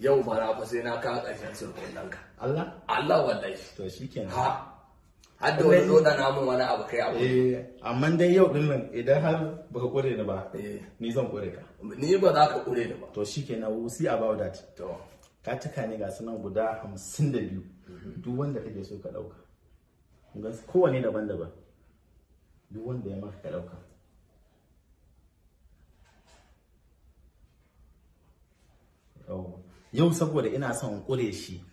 yau ba fa sai na kawo ƙarshen sulhun ɗanka Allah Allah wallahi to shi shikenan ha har da wani zoda namun wani abu kai abu eh amma dai yau din nan idan har ba ka kure ni ba eh. ni zan kure ka ni ba za ka kure ni ba to shi shikenan we see about that to cika ne ga sunan guda hamsin da biyu duk wanda kake so ka ɗauka. kowane daban-daban duk wanda ya maka ka ɗauka. yau saboda ina son in kure shi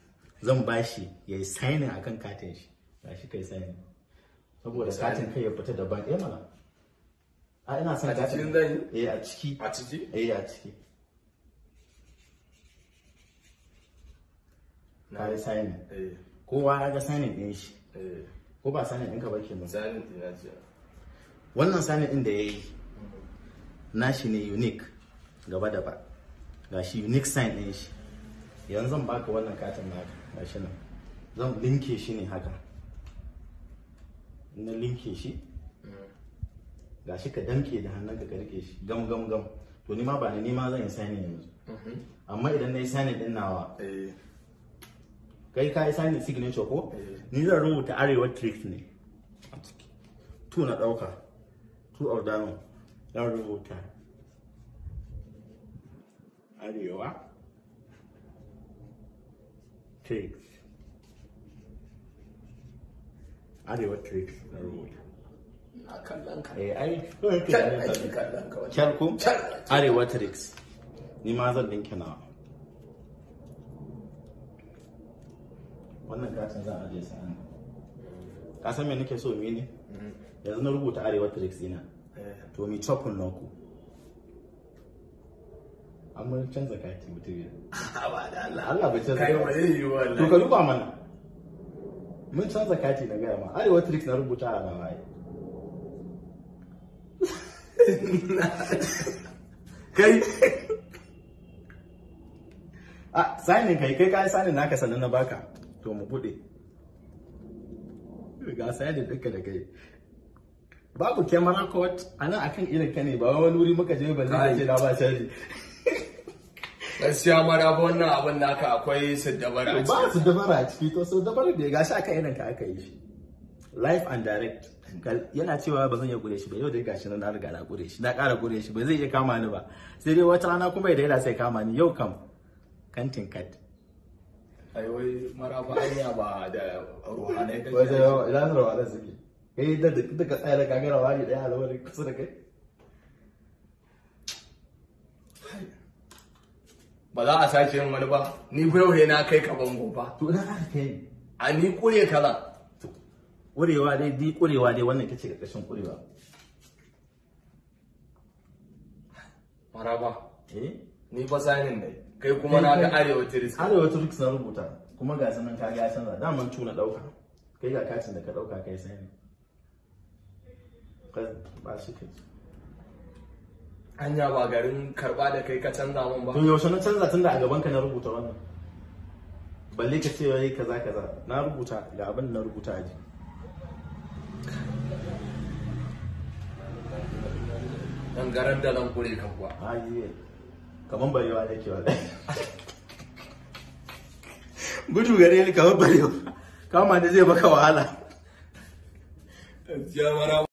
zan ba shi ya yi sainin a kan katin shi ga shi kai sainin saboda katin kai ya fita daban ɗaya eh mana a ina son katin a eh, a ciki a ciki eh a ciki na yi sainin eh. kowa ya ga sainin ɗin shi ko ba ɗin ka ba sainin ɗin ya ce wannan sainin ɗin da ya yi mm-hmm. nashi ne unique gaba da ba ga shi unique sign ɗin shi yanzu zan baka wannan katin naka gashi nan zan linke shi ne haka na linke shi gashi ka danke da hannun ka rike shi gam gam gam to ni ma ba ni ma zan yi sani yanzu mm-hmm. amma idan na yi sani din nawa eh. kai ka yi sani signature ko eh. ni zan rubuta arewa trick ne tu na dauka tu or down zan rubuta arewa Tricks. Arewa Tricks na rubuta. Na kallon ka. Eh, ai, kallon Arewa Ni ma zan wannan katin za a je sa'an ka san me nake so mene mm-hmm. yanzu na rubuta arewa tricks dina eh. naku amma canza kati mutum ya ba da Allah Allah bai canza kai wani yi wallahi to ka duba mana mun canza kati na gaya ma arewa tricks na rubuta a nawa kai a sanin kai kai kai sanin naka sannan na baka to mu bude ga sanin duka da kai babu camera court a nan akan irin ka ne ba wani wuri muka je ba zai ce da ba canji. gaskiya mara wannan abin naka akwai sadabara ba sadabara a ciki to sadabara da ya gashi aka irin ka aka yi shi life and direct yana cewa ba zan iya gure shi ba yau da gashi na riga na gure shi na ƙara gure shi ba zai iya kama ni ba sai dai wata rana kuma idan yana sai kama ni yau kam kantin kat ai wai maraba anya ba da ruhanai kake wai da ranar wa da suke kai da duka tsaya da kagarawa ne daya alwarin kusa da kai ba za a sace yin wani ba ni faiwaye na kai ka bango ba to na aka kai a ni kure kaza kurewa dai di kurewa dai wannan ita ce kashin kurewa maraba eh ni fa sanin dai kai kuma na ga arewa turis arewa turis na rubuta kuma ga sanan ka ga sanar da man tuna dauka kai ga kacin da ka dauka kai sanin ba shi kai hanya ba garin karba da kai ka canza mun ba tun yaushe na canza tunda a gaban ka na rubuta wannan balle ka ce wai kaza kaza na rubuta ga abin na rubuta a dan garar da zan kure ka kuwa ayi ah, kaman barewa yake wa gudu gare ni kaman barewa kama da zai baka wahala gaskiya mara